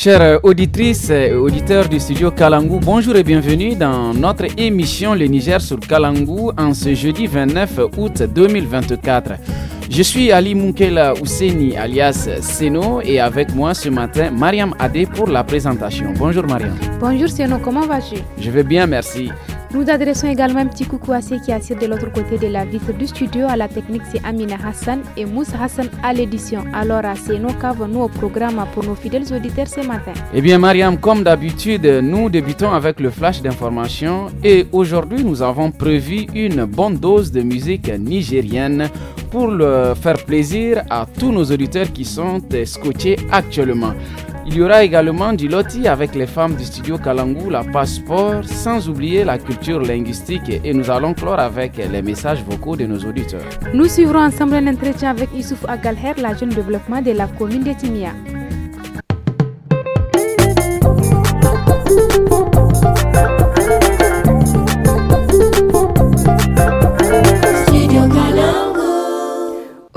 Chères auditrices et auditeurs du studio Kalangu, bonjour et bienvenue dans notre émission Le Niger sur Kalangu en ce jeudi 29 août 2024. Je suis Ali Moukela Ouseni alias Seno et avec moi ce matin Mariam Adé pour la présentation. Bonjour Mariam. Bonjour Seno, comment vas-tu Je vais bien, merci. Nous adressons également un petit coucou à ceux qui assistent de l'autre côté de la vitre du studio. À la technique, c'est Amina Hassan et Mousse Hassan à l'édition. Alors, c'est nos quavons nous au programme pour nos fidèles auditeurs ce matin. Eh bien, Mariam, comme d'habitude, nous débutons avec le flash d'information et aujourd'hui, nous avons prévu une bonne dose de musique nigérienne pour faire plaisir à tous nos auditeurs qui sont euh, scotchés actuellement. Il y aura également du loti avec les femmes du studio Kalangu, la passeport, sans oublier la culture linguistique et nous allons clore avec les messages vocaux de nos auditeurs. Nous suivrons ensemble un entretien avec Issouf Agalher, la jeune développement de la commune de Timia.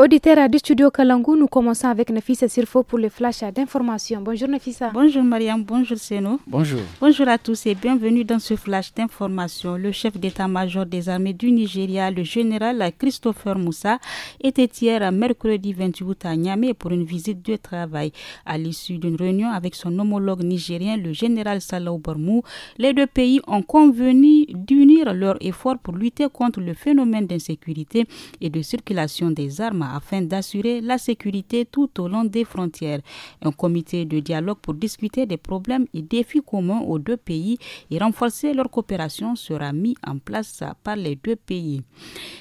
Auditeur du studio Kalangou, nous commençons avec Nafisa Sirfo pour le flash d'information. Bonjour Nafisa. Bonjour Mariam, bonjour Seno. Bonjour. Bonjour à tous et bienvenue dans ce flash d'information. Le chef d'état-major des armées du Nigeria, le général Christopher Moussa, était hier mercredi 28 août à Niamey pour une visite de travail. À l'issue d'une réunion avec son homologue nigérien, le général Salah Bormou, les deux pays ont convenu d'unir leurs efforts pour lutter contre le phénomène d'insécurité et de circulation des armes afin d'assurer la sécurité tout au long des frontières. Un comité de dialogue pour discuter des problèmes et défis communs aux deux pays et renforcer leur coopération sera mis en place par les deux pays.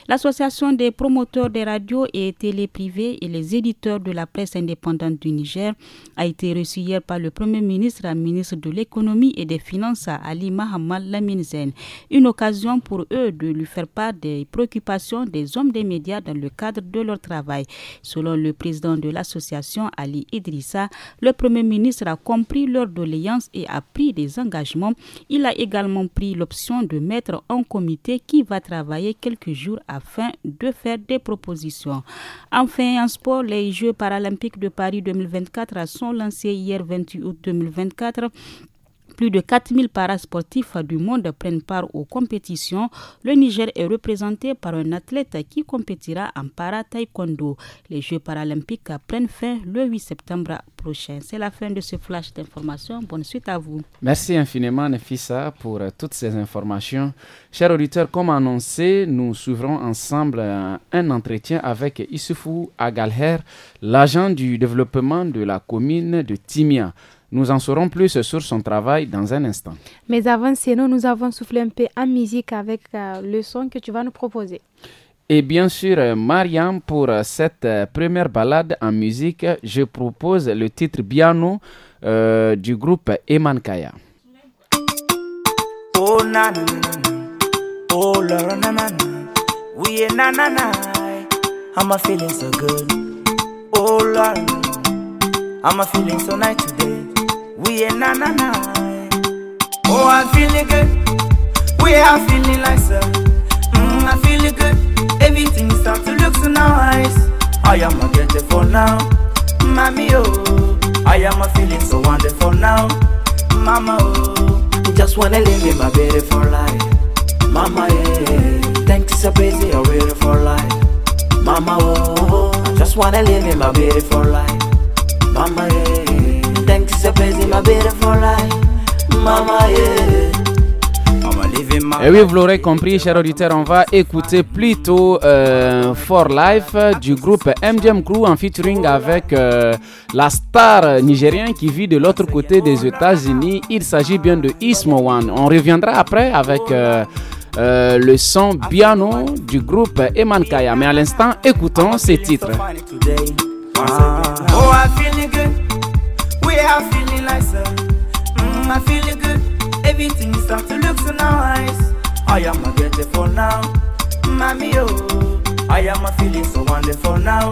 L'association des promoteurs des radios et télé privées et les éditeurs de la presse indépendante du Niger a été reçue hier par le Premier ministre, la ministre de l'économie et des finances Ali Mahamal Laminzen. Une occasion pour eux de lui faire part des préoccupations des hommes des médias dans le cadre de leur travail. Selon le président de l'association, Ali Idrissa, le Premier ministre a compris leur doléance et a pris des engagements. Il a également pris l'option de mettre un comité qui va travailler quelques jours afin de faire des propositions. Enfin, en sport, les Jeux paralympiques de Paris 2024 sont lancés hier 28 août 2024. Plus de 4000 parasportifs du monde prennent part aux compétitions. Le Niger est représenté par un athlète qui compétira en para-taekwondo. Les Jeux paralympiques prennent fin le 8 septembre prochain. C'est la fin de ce flash d'informations. Bonne suite à vous. Merci infiniment, Nefissa, pour euh, toutes ces informations. Chers auditeurs, comme annoncé, nous suivrons ensemble euh, un entretien avec Issoufou Agalher, l'agent du développement de la commune de Timia. Nous en saurons plus sur son travail dans un instant. Mais avant, sinon, nous avons soufflé un peu en musique avec euh, le son que tu vas nous proposer. Et bien sûr, euh, Mariam, pour euh, cette première balade en musique, je propose le titre Biano du groupe Eman Kaya. nanana, oh, oh, yeah, na na na. Oh, I'm feeling good. We are feeling like so. Mm, I'm feeling good. Everything starts to look so nice. I am a getting for now, mommy oh. I am a feeling so wonderful now, mama oh. Just wanna live in my beautiful life, mama yeah. Thanks so busy, a beautiful life, mama oh. Just wanna live in my beautiful life, mama yeah. Et eh oui, vous l'aurez compris, chers auditeurs, on va écouter plutôt euh, For Life du groupe MDM Crew en featuring avec euh, la star nigérienne qui vit de l'autre côté des États-Unis. Il s'agit bien de Ismo One. On reviendra après avec euh, euh, le son piano du groupe Eman Kaya. Mais à l'instant, écoutons ces titres. Ah. Oh, way I'm feeling like sir. Mm, I feel good. Everything start to look so nice. I am a beautiful now, mommy oh. I am a feeling so wonderful now,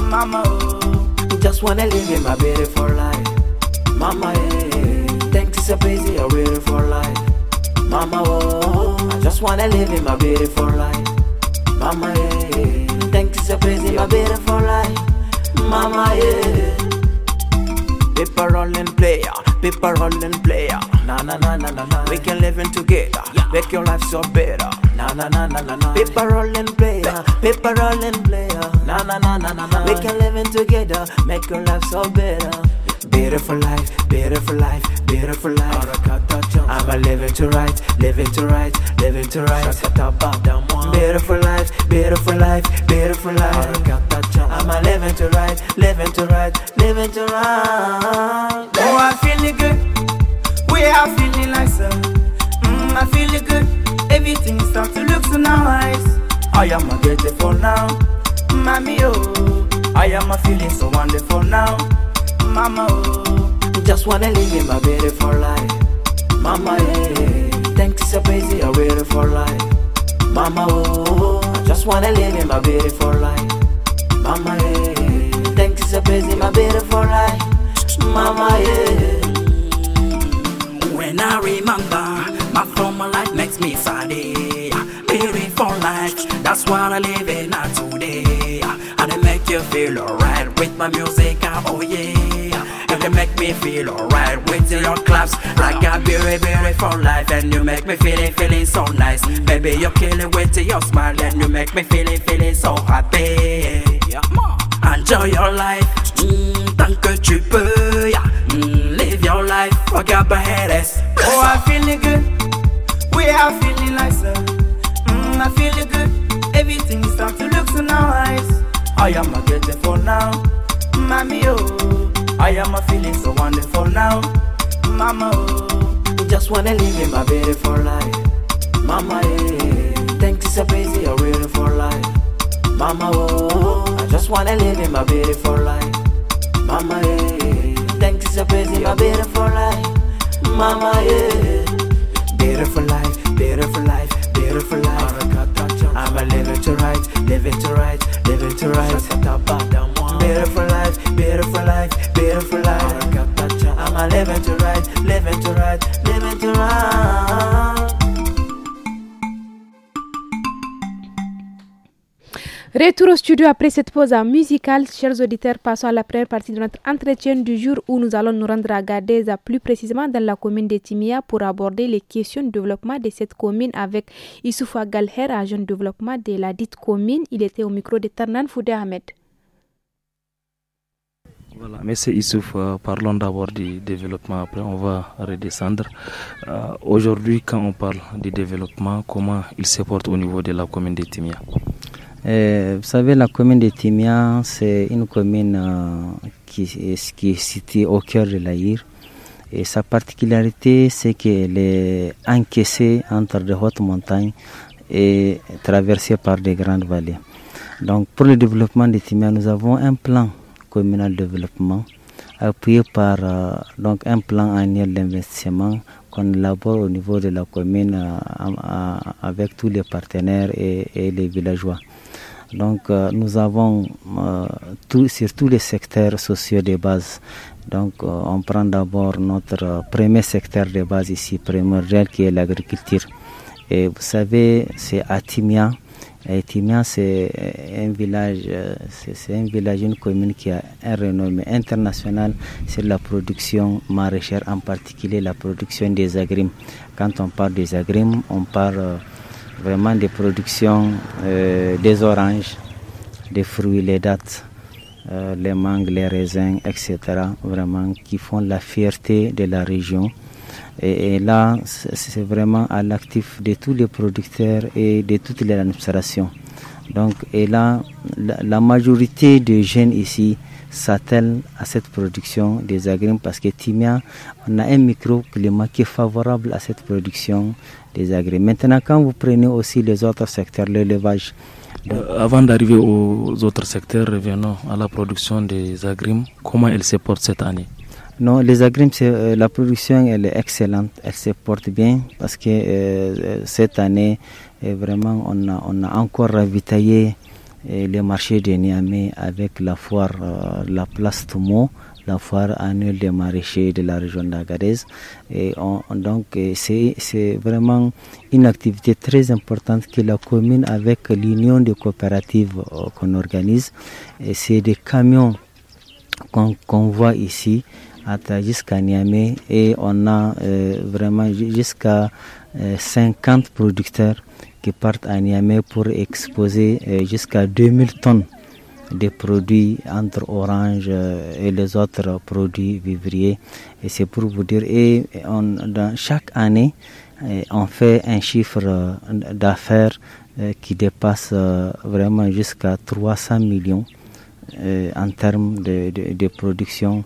mama oh. Just wanna live in my beautiful life, mama eh. Thanks is so busy, I waiting for life, mama oh. I just wanna live in my beautiful life, mama eh. Thanks is so busy, my beautiful life, mama eh. Paper rolling player, paper rolling player. Na na na na na na. We can live in together, make your life so better. Na na na na na na. Paper rolling player, paper rolling player. Na na na na na na. We can live in together, make your life so better. Bitter for life, bitter for life, bitter for life. I'ma to right, living to right, living to right. Bitter for life, bitter for life, bitter for life. I'ma live to right, living to right, living to write. Oh, I'm feeling good. We are feeling like so. Mm, I'm feeling good. Everything starts to look so nice. I am a beautiful now, mommy. Oh, I am a feeling so wonderful now mama. Oh. Just wanna live in my beautiful life, mama. Hey, thanks so busy, a beautiful life, mama. Oh, I just wanna live in my beautiful life, mama. Hey, thanks so busy, my beautiful life, mama. Hey. When I remember my former life makes me sad. Beautiful life, that's what I live in today. I make you feel alright with my music. Oh yeah you make me feel alright with your claps Like a beauty, beauty for life And you make me feeling, feeling so nice Baby, you are killing with your smile And you make me feeling, feeling so happy Enjoy your life, mm, tant que tu peux yeah. mm, Live your life, forget about a Oh, I'm feeling good, we are feeling like so mm, I feel good, everything starts to look so nice I am a for now, mommy, oh I am a feeling so wonderful now. Mama, oh, just wanna live in my beautiful life. Mama, eh, thanks is so busy, a beautiful life. Mama, oh, I just wanna live in my beautiful life. Mama, eh, thanks is so busy, my beautiful life. Mama, eh, beautiful life, beautiful life, beautiful life. I'ma live it to right, live it to right, live it to right. Beautiful life. Retour au studio après cette pause musicale. Chers auditeurs, passons à la première partie de notre entretien du jour où nous allons nous rendre à Gadeza plus précisément dans la commune de Timia, pour aborder les questions de développement de cette commune avec Issoufa Galher, agent de développement de la dite commune. Il était au micro de Ternan Foudé Ahmed. Voilà, Monsieur Issouf, euh, parlons d'abord du développement, après on va redescendre. Euh, aujourd'hui, quand on parle du développement, comment il se porte au niveau de la commune de Timia euh, Vous savez, la commune de Timia, c'est une commune qui, est, située au cœur de l'Aïr. Et sa particularité, c'est qu'elle est encaissée entre de hautes montagnes et traversée par des grandes vallées. Donc, pour le développement de Timia, nous avons un plan communal développement, appuyé par euh, donc un plan annuel d'investissement qu'on élabore au niveau de la commune euh, euh, avec tous les partenaires et, les villageois. Donc nous avons tous sur tous les secteurs sociaux de base. Donc on prend d'abord notre premier secteur de base ici réel qui est l'agriculture. Et vous savez, c'est Atimia. Et c'est un village, euh, c'est un village, une commune qui a un renommé international sur la production maraîchère, en particulier la production des agrimes. Quand on parle des agrimes, on parle euh, vraiment des productions euh, des oranges, des fruits, les dattes, les mangues, les raisins, etc. Vraiment, qui font la fierté de la région. Et, là, c'est vraiment à l'actif de tous les producteurs et de toutes les administrations. Donc, et là, la, majorité des jeunes ici s'attellent à cette production des agrumes parce que Timia, on a un microclimat qui est favorable à cette production des agrumes. Maintenant, quand vous prenez aussi les autres secteurs, l'élevage. Euh, avant d'arriver aux autres secteurs, revenons à la production des agrumes. Comment elle se porte cette année non, les agrimes, euh, la production elle est excellente, elle se porte bien parce que euh, euh, cette année, vraiment, on a, on a encore ravitaillé le marché de Niamey avec la foire, la place Tomo, la foire annuelle des maraîchers de la région d'Agadez. Et donc, c'est vraiment une activité très importante que la commune, avec l'union des coopératives qu'on organise, c'est des camions qu'on voit ici jusqu'à Niamey et on a euh, vraiment jusqu'à 50 euh, producteurs qui partent à Niamey pour exposer euh, jusqu'à 2000 tonnes de produits entre orange et les autres produits vivriers. Et c'est pour vous dire, et on, chaque année, on fait un chiffre d'affaires qui dépasse vraiment jusqu'à 300 millions en termes de, de production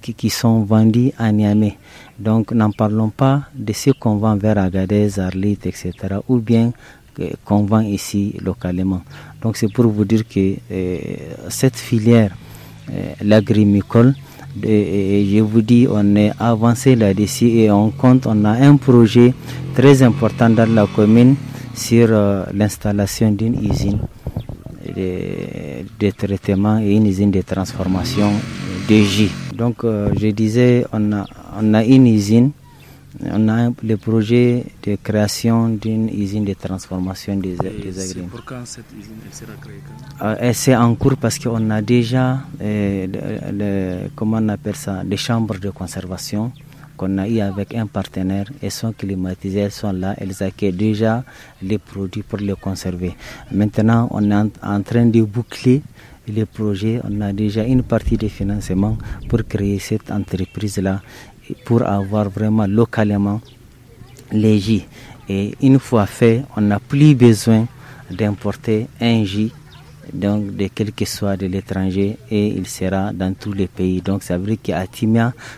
qui, sont vendus à Niamey. Donc n'en parlons pas de ce qu'on vend vers Agadez, Arlit, etc. ou bien euh, qu'on vend ici localement. Donc c'est pour vous dire que euh, cette filière, euh, l'agrimicole, je vous dis, on est avancé là-dessus et on compte, on a un projet très important dans la commune sur l'installation d'une usine de, traitement et une usine de transformation de J. Donc, euh, je disais, on a, une usine, on a le projet de création d'une usine de transformation des, Et des C'est pour cette usine elle sera créée ah, C'est en cours parce qu'on a déjà, euh, comment on appelle ça, des chambres de conservation qu'on a eu avec un partenaire. Elles sont climatisées, elles sont là, elles accueillent déjà les produits pour les conserver. Maintenant, on est en train de boucler les projets, on a déjà une partie des financements pour créer cette entreprise-là, pour avoir vraiment localement les jus. Et une fois fait, on n'a plus besoin d'importer un jus donc de quel que soit de l'étranger et il sera dans tous les pays. Donc ça veut dire qu'à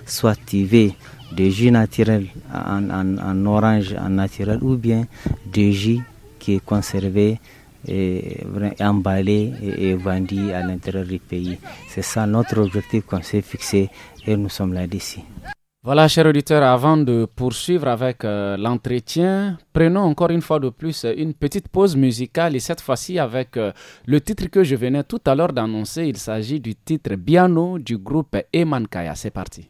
soit tu de des jus naturels en, orange, en naturel, ou bien des jus qui est conservé et emballé et, vendu à l'intérieur du pays. C'est ça notre objectif qu'on s'est fixé et nous sommes là d'ici. Voilà, chers auditeurs, avant de poursuivre avec euh, l'entretien, prenons encore une fois de plus euh, une petite pause musicale et cette fois-ci avec euh, le titre que je venais tout à l'heure d'annoncer. Il s'agit du titre piano du groupe Eman Kaya. C'est parti.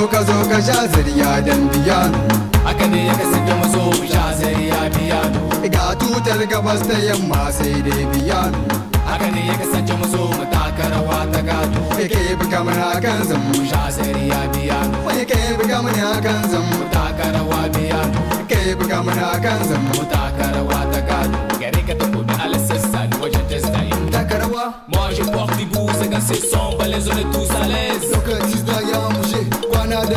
zo ka zo ka sha zariya dan biya haka ne ya kasu da maso sha zariya biya ga tutar gabas ta yamma sai dai biyan haka ne ya kasance maso mu karawa ta gato ya ke buga mana kan zan mu sha zariya biya wani ke buga mana kan zan mu taka rawa biya ke buga mana kan zan mu taka rawa ta gato gare ka ta kudu alasassa wajen testa yin taka rawa moi je porte des bouts c'est que c'est sombre les on est tous à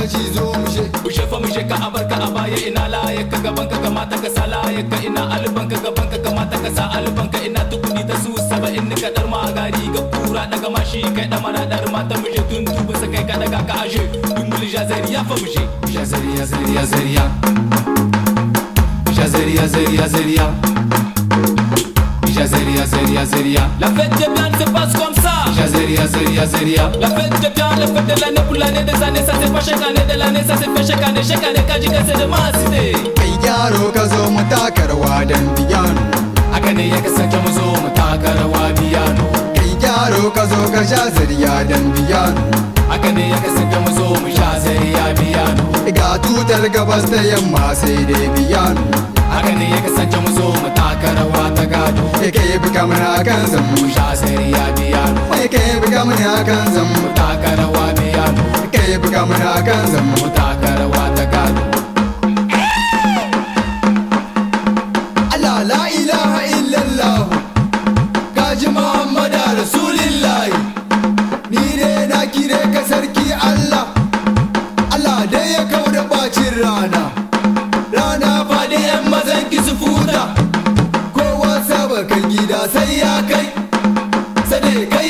kashi zo mu she ku shafa mu she ka abarka a baya ina laye ka gaban ka kamata ka sa laye ka ina alban ka gaban ka kamata ka sa alban ka ina tukuni ta su saba in ka dar ma gari ga kura daga mashi kai da mara dar mata mu tun tuba sa kai ka daga ka ashe dumul jazariya fa mu jazariya zariya zariya jazariya zariya zariya jazariya zariya zariya la fête de bien se passe comme ça Jazeria, Zeria, Zeria. La fête de bien, la fête de l'année pour l'année des années. Ça c'est pas chaque année de l'année, ça c'est fait chaque année. Chaque année, kaji ka sai da ma cité. Kai yaro ka zo mu taka dan biyano. Haka ne ya kasance mu zo mu taka rawa biyano. Kai yaro ka zo ka sha zariya dan biyano. Haka ne ya kasance mu zo mu sha zariya biyano. Ga tutar gabas da yamma sai dai biyano. haka ne ya kasance mu zo mu taka rawa ta gado ya ke yi mana kan zan mu sha sari ya biya mu ya ke yi mana kan zan mu taka rawa biya mu ya ke yi mana kan zan mu taka rawa ta gado Allah illallah kaji Muhammadu ni dai na kire ka sarki Allah Allah dai ya bacin rana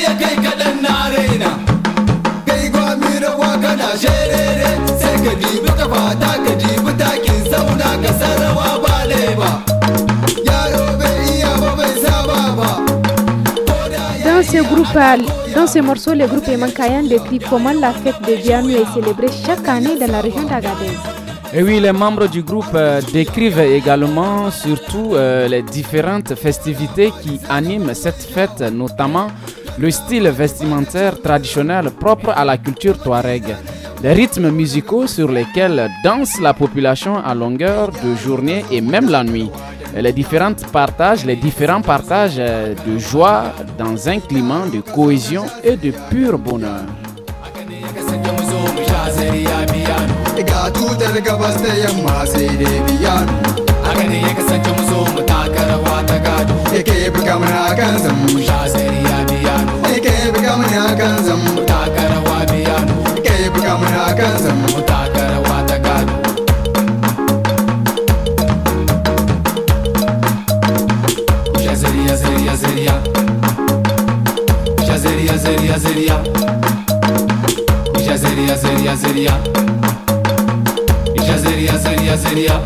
Dans ce groupe, dans ce morceau, le groupe Emankayan décrit comment la fête de Dianou est célébrée chaque année dans la région d'Agadez. Et oui, les membres du groupe euh, décrivent également surtout euh, les différentes festivités qui animent cette fête, notamment le style vestimentaire traditionnel propre à la culture touareg, les rythmes musicaux sur lesquels danse la population à longueur de journée et même la nuit, les différents partages, les différents partages de joie dans un climat de cohésion et de pur bonheur. mu ya zan mu taka rawa ke buga mu ya kan zan mu taka rawa ta gado Jazeria, zeria, zeria Jazeria, zeria, zeria Jazeria, zeria, zeria Jazeria, zeria, zeria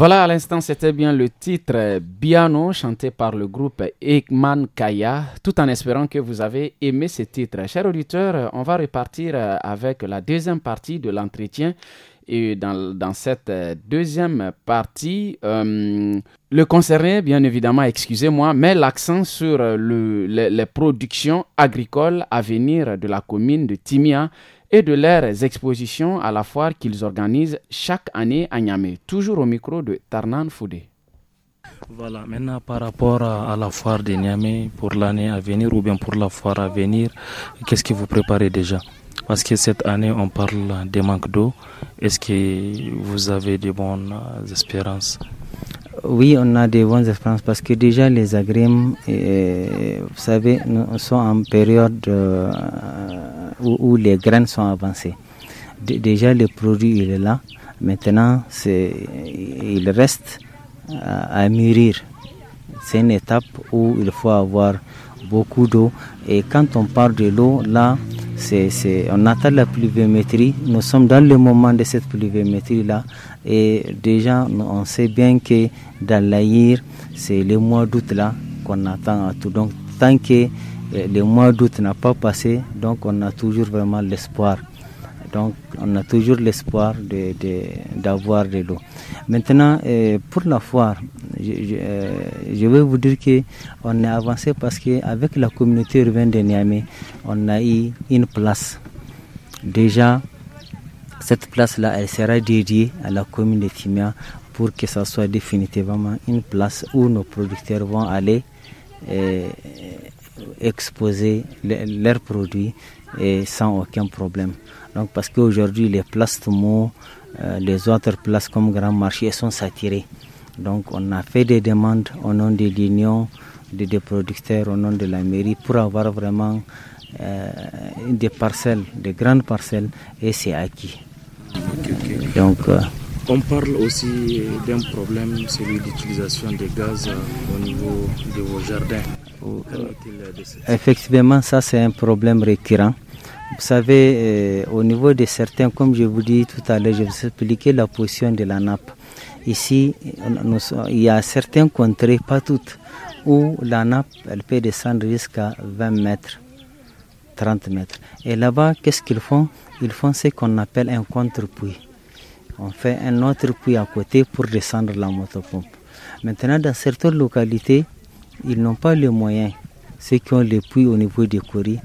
Voilà, à l'instant, c'était bien le titre euh, Biano, chanté par le groupe Ekman Kaya, tout en espérant que vous avez aimé ce titre. Chers auditeurs, euh, on va repartir euh, avec la deuxième partie de l'entretien. Et dans, cette deuxième partie, le concerné, bien évidemment, excusez-moi, met l'accent sur les productions agricoles à venir de la commune de Timia et de leurs expositions à la foire qu'ils organisent chaque année à Niamey, toujours au micro de Tarnan Foudé. Voilà, maintenant par rapport à, la foire de Niamey pour l'année à venir ou bien pour la foire à venir, qu'est-ce que vous préparez déjà Parce que cette année, on parle des manques d'eau. Est-ce que vous avez de bonnes espérances oui, on a des bonnes expériences parce que déjà les agrimes, euh, vous savez, sont en période euh, où, les graines sont avancées. déjà le produit il est là. Maintenant, c'est, il reste à, mûrir. C'est une étape où il faut avoir beaucoup d'eau. Et quand on parle de l'eau, là, c'est, on attend la pluviométrie. Nous sommes dans le moment de cette pluviométrie-là. Et déjà, on sait bien que dans l'Aïr, c'est le mois d'août là qu'on attend à tout. Donc, tant que euh, le mois d'août n'a pas passé, donc on a toujours vraiment l'espoir. Donc, on a toujours l'espoir d'avoir de, l'eau. Maintenant, euh, pour la foire, je, euh, vais vous dire qu'on est avancé parce qu'avec la communauté urbaine de Niamey, on a eu une place. Déjà, cette place-là, elle sera dédiée à la commune de Timia pour que ce soit définitivement une place où nos producteurs vont aller euh, exposer leurs produits et sans aucun problème. Donc parce qu'aujourd'hui les places de euh, les autres places comme Grand Marché sont saturées. Donc on a fait des demandes au nom de l'Union, des, producteurs, au nom de la mairie pour avoir vraiment euh, des parcelles, des grandes parcelles et c'est acquis. Euh, on parle aussi d'un problème, celui d'utilisation des gaz euh, au niveau de vos jardins. Oh, euh, effectivement, ça c'est un problème récurrent. Vous savez, au niveau de certains, comme je vous dis tout à l'heure, je vous expliquais la position de la nappe. Ici, il y a certains contrées, pas toutes, où la nappe elle peut descendre jusqu'à 20 mètres. 30 mètres. Et là-bas, qu'est-ce qu'ils font Ils font ce qu'on appelle un contre-puits. On fait un autre puits à côté pour descendre la motopompe. Maintenant, dans certaines localités, ils n'ont pas les moyens, ceux qui ont les puits au niveau des courries.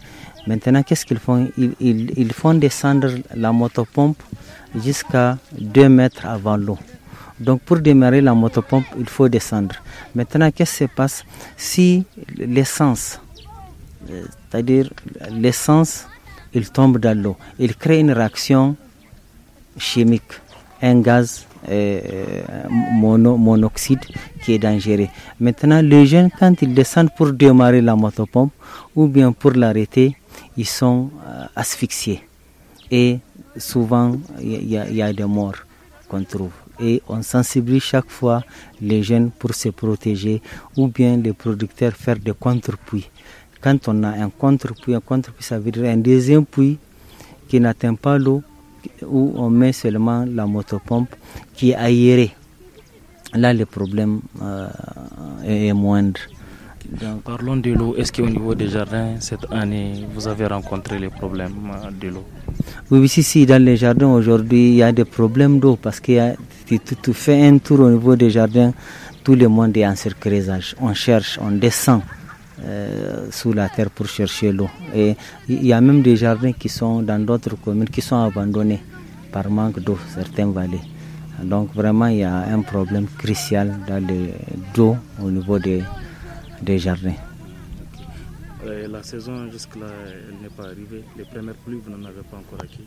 Maintenant, qu'est-ce qu'ils font ils, ils, font descendre la motopompe jusqu'à 2 mètres avant l'eau. Donc, pour démarrer la motopompe, il faut descendre. Maintenant, qu'est-ce qui se passe Si l'essence c'est-à-dire l'essence, il tombe dans l'eau. Il crée une réaction chimique, un gaz euh, euh, monoxyde qui est dangereux. Maintenant, les jeunes, quand ils descendent pour démarrer la motopompe ou bien pour l'arrêter, ils sont euh, asphyxiés. Et souvent, il y, y, a des morts qu'on trouve. Et on sensibilise chaque fois les jeunes pour se protéger ou bien les producteurs faire des contre-puits quand on a un contre puis un contre puis ça veut dire un deuxième puits qui n'atteint pas l'eau, où on met seulement la motopompe qui est aérée. Là, le problème euh, est moindre. parlons de l'eau. Est-ce qu'au niveau des jardins, cette année, vous avez rencontré les problèmes euh, de l'eau Oui, si, si, dans les jardins aujourd'hui, il y a des problèmes d'eau parce que tu, tu fais un tour au niveau des jardins, tout le monde est en circulation. On cherche, on descend. Euh, sous la terre pour chercher l'eau. Et il y a même des jardins qui sont dans d'autres communes qui sont abandonnés par manque d'eau, certaines vallées. Donc vraiment, il y a un problème crucial dans d'eau au niveau des, des jardins. la saison jusque-là, elle n'est pas arrivée. Les premières pluies, vous n'en avez pas encore acquis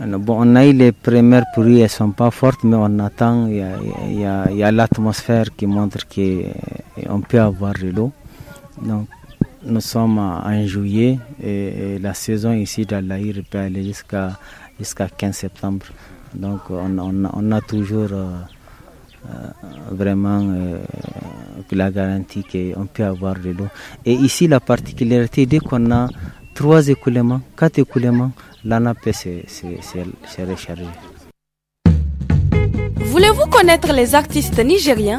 ah On a eu les premières pluies, elles ne sont pas fortes, mais on attend. Il y a, a l'atmosphère qui montre qu'on euh, peut avoir de l'eau. Donc, nous sommes en juillet et, la saison ici d'Alaïr peut aller jusqu'à jusqu'à 15 septembre. Donc, on, a toujours euh, euh, vraiment euh, la garantie qu'on peut avoir de l'eau. Et ici, la particularité, dès qu'on a trois écoulements, quatre écoulements, la se s'est Voulez-vous connaître les artistes nigériens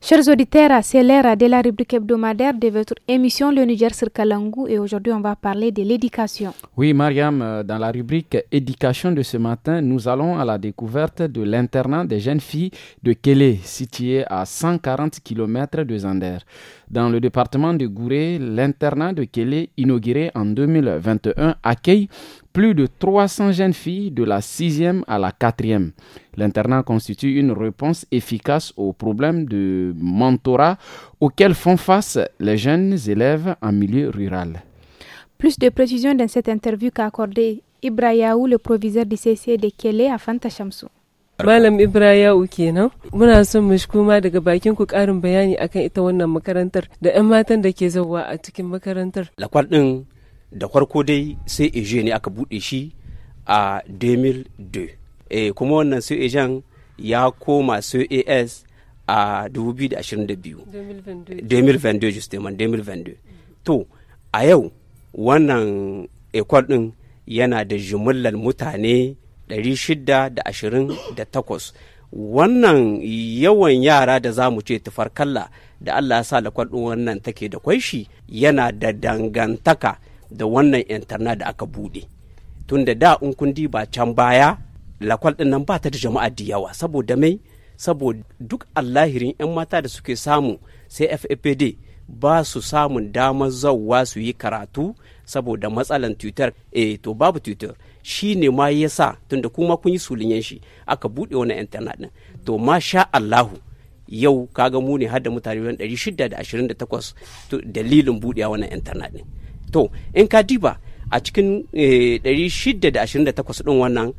Chers auditeurs, c'est l'heure de la rubrique hebdomadaire de votre émission Le Niger sur Kalangu et aujourd'hui on va parler de l'éducation. Oui, Mariam, euh, dans la rubrique éducation de ce matin, nous allons à la découverte de l'internat des jeunes filles de Kélé, situé à 140 km de Zander. Dans le département de Gouré, l'internat de Kélé, inauguré en 2021, accueille plus de 300 jeunes filles de la 6e à la 4e. L'internat constitue une réponse efficace aux problèmes de mentorat auxquels font face les jeunes élèves en milieu rural. Plus de précisions dans cette interview qu'a accordé Ibrahiaou, le proviseur du CC de Kélé à Fanta Chamsou. Malam Ibrahim kenan muna son mu kuma daga bakin ku karin bayani akan ita wannan makarantar da 'yan matan da ke zauwa a cikin makarantar. Lakwar ɗin da farko dai sai eje ne aka bude shi a 2002 e, eh, kuma wannan sai ejen ya koma CAS a 2022 2022 2022 to a yau wannan ekol din yana da jimillar mutane 628 wannan yawan yara da za mu ce tufarkalla da allah ya sa lakwal ɗin wannan take da kwai shi yana da dangantaka da wannan internet da aka buɗe tunda da da in kun diba can baya lakwal ɗin nan ba ta da jama'a da yawa saboda mai saboda duk allahirin 'yan mata da suke samu sai ffd ba su samun damar zauwa su yi karatu saboda matsalan twitter e eh, to babu twitter shi ne ma ya sa tunda kuma kun yi sulunyen shi aka buɗe wani intanet din to ma sha allahu yau kaga mu ne har da mutane 628 dalilin buɗewa wani intanet ɗin to in ka diba a cikin 628 eh, ɗin wannan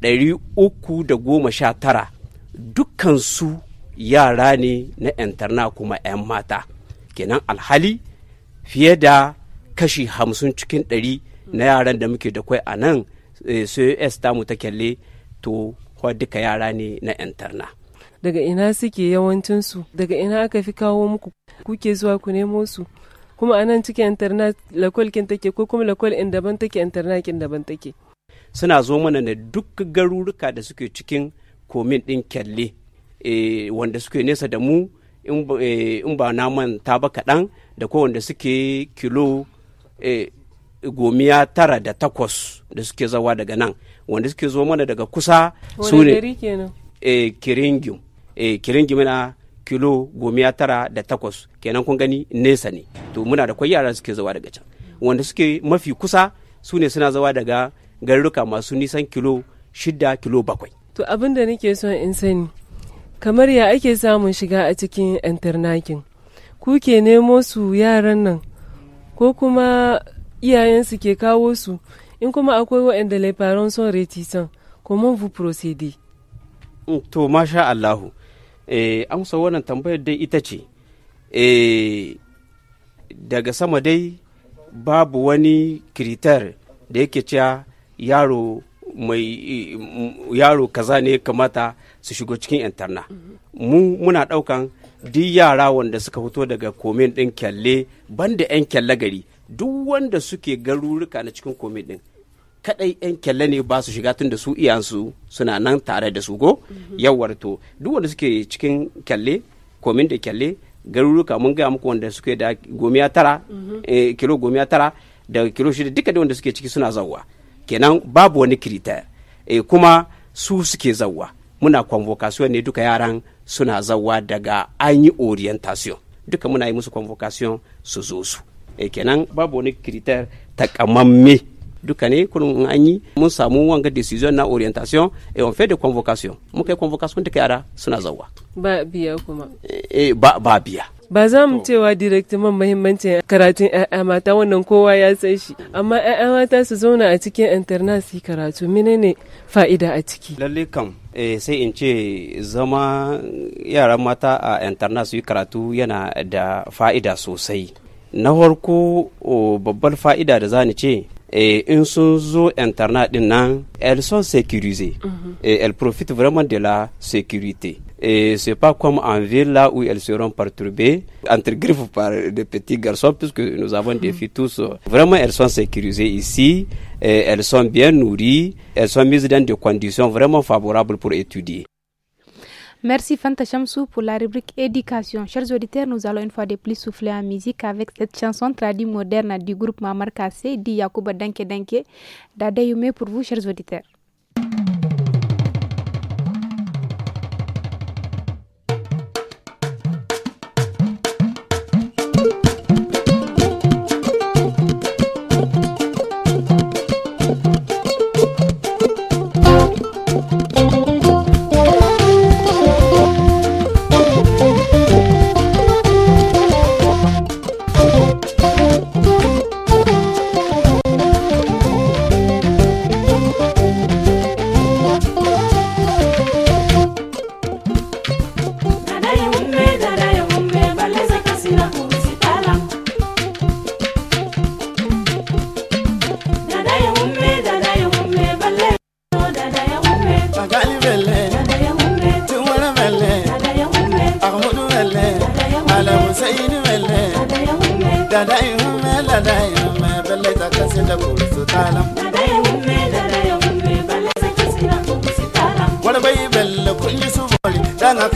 319 dukkansu yara ne na interna kuma 'yan mata kenan alhali fiye da kashi hamsin cikin ɗari na yaran da muke da kwai a nan eh, cos tamu ta kyalle to duka yara ne na interna daga ina suke yawancinsu daga ina aka fi kawo muku kuke zuwa ku nemo su kuma a nan cikin internet lakwal kin take ko kuma lakwal in daban take internet kin daban take suna zo mana da duk garuruka da suke cikin komin din kyalle eh, wanda suke nesa da mu in ba eh, na manta ba kaɗan da ko wanda suke kilo eh, gomiya tara da takwas da suke zawa daga nan wanda suke zo mana daga kusa su ne kiringim kiringim na kilo goma ya tara da takwas kenan kun gani nesa ne to muna da kwai yaran suke zawa daga can wanda suke mafi kusa su ne suna zawa daga garuruka masu nisan kilo shida kilo bakwai to abin da nake so in sani kamar ya ake samun shiga a cikin internakin ku ke nemo su yaran nan ko kuma iyayensu ke kawo su in kuma akwai waɗanda laifaron son retisan comment vous procedure. Mm, to masha allahu Eh, amsa wannan tambayar dai ita ce eh, daga sama dai babu wani kiritar da yake cewa yaro mai eh, yaro kaza ne ya kamata su shigo cikin interna mu muna daukan duk yara wanda suka fito daga komin din kyalle banda 'yan kyalle gari duk wanda suke garuruka na cikin komin din kadai yan kyalle ne ba su shiga tun da su iyansu suna nan tare da su go mhm. yawar to duk wanda suke cikin kyalle komin da kyalle garuruka mun gaya muku wanda suke da gomiya tara mhm. eh, kilo gomiya tara da kilo shida duka da wanda suke ciki suna zawwa kenan babu wani kirita eh, kuma su suke zawwa muna convocation ne duka yaran suna zawwa daga an yi orientation duka muna yi musu convocation su zo su eh, kenan babu wani kirita takamamme duka ne in an yi mun samu wanga decision na orientation et on fait de convocation mun kai convocation duka ara suna zauwa ba biya kuma eh ba ba biya ba za mu cewa directement mahimmancin karatun 'ya'ya mata wannan kowa ya san shi amma 'ya'ya mata su zauna a cikin internet su karatu menene fa'ida a ciki lalle kam eh, sai in ce zama yaran mata a internet su karatu yana da fa'ida sosai na farko oh, babbar fa'ida da zani ce et une sous zo internet elles sont sécurisées mhm. et elles profitent vraiment de la sécurité et c'est pas comme en ville là où elles seront perturbées entre griffes par des petits garçons puisque nous avons des mhm. filles tous euh, vraiment elles sont sécurisées ici elles sont bien nourries elles sont mises dans des conditions vraiment favorables pour étudier Merci Fanta Chamsou pour la rubrique éducation. Chers auditeurs, nous allons une fois de plus souffler en musique avec cette chanson tradie moderne du groupe Mamar Kassé, dit Yakuba Danke Dada d'Adeyume pour vous, chers auditeurs.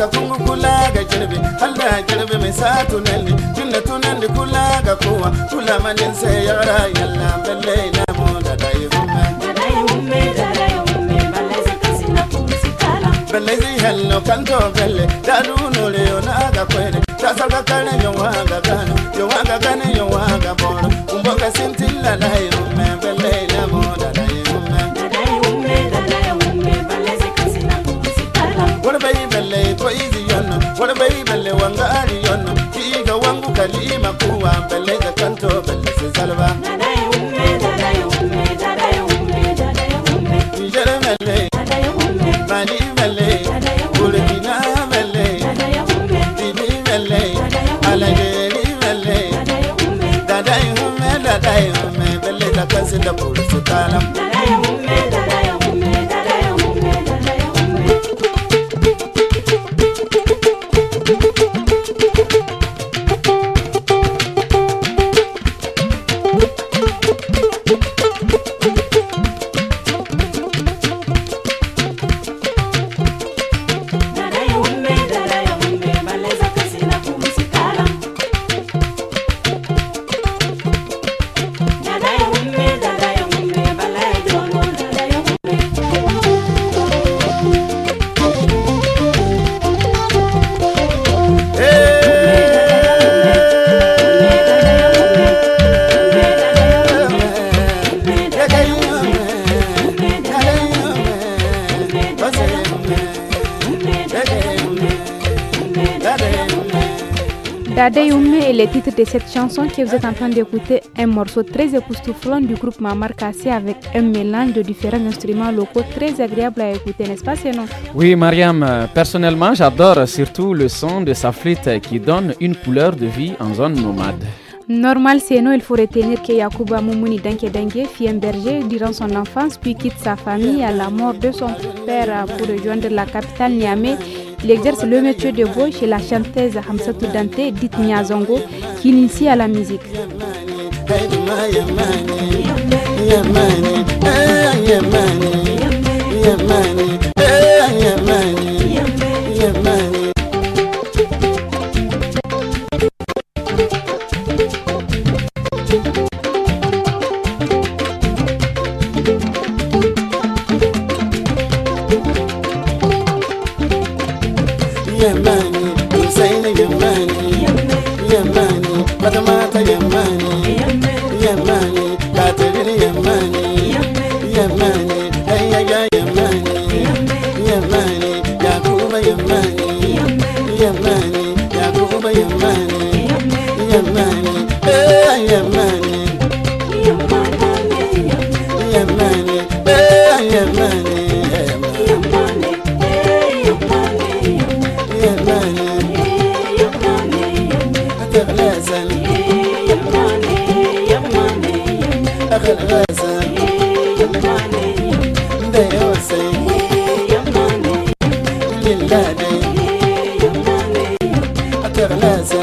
ka fungu kula ga jirbi Allah jirbi mai sa tunanni jinna tunanni kula ga kowa kula manin sai ya rayu Allah balle na mu da dai umme da dai umme da dai umme balle sai kasina kun sikala balle sai hallo kanto balle Dadei est le titre de cette chanson que vous êtes en train d'écouter, un morceau très époustouflant du groupe Mamar Kassé avec un mélange de différents instruments locaux très agréable à écouter, n'est-ce pas Sénon Oui Mariam, euh, personnellement j'adore surtout le son de sa flûte qui donne une couleur de vie en zone nomade. Normal, c'est il faut retenir que Yakuba Moumouni Dengue Dengue fit un berger durant son enfance, puis quitte sa famille à la mort de son père pour rejoindre la capitale Niamey. Il exerce le métier de voix chez la chanteuse Hamsatou Dante, dite Niazongo, qui initie à la musique. Eh, eh, تغلازة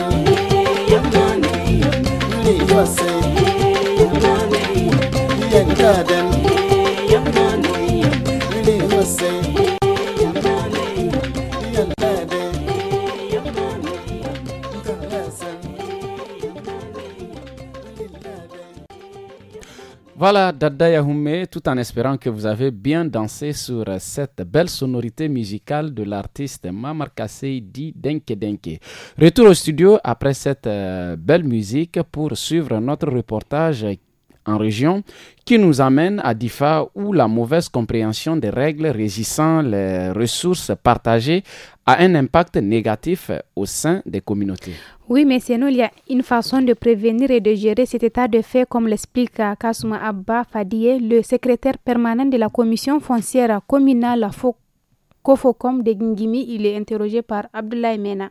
Voilà, Dada Yahoumé, tout en espérant que vous avez bien dansé sur cette belle sonorité musicale de l'artiste Mamar Denke Denke. Retour au studio après cette euh, belle musique pour suivre notre reportage en région, qui nous amène à Difa où la mauvaise compréhension des règles régissant les ressources partagées a un impact négatif au sein des communautés. Oui, mais sinon, il y a une façon de prévenir et de gérer cet état de fait, comme l'explique Kasuma Abba Fadie, le secrétaire permanent de la commission foncière communale Kofokom de Gingimi. Il est interrogé par Abdoulaye Mena.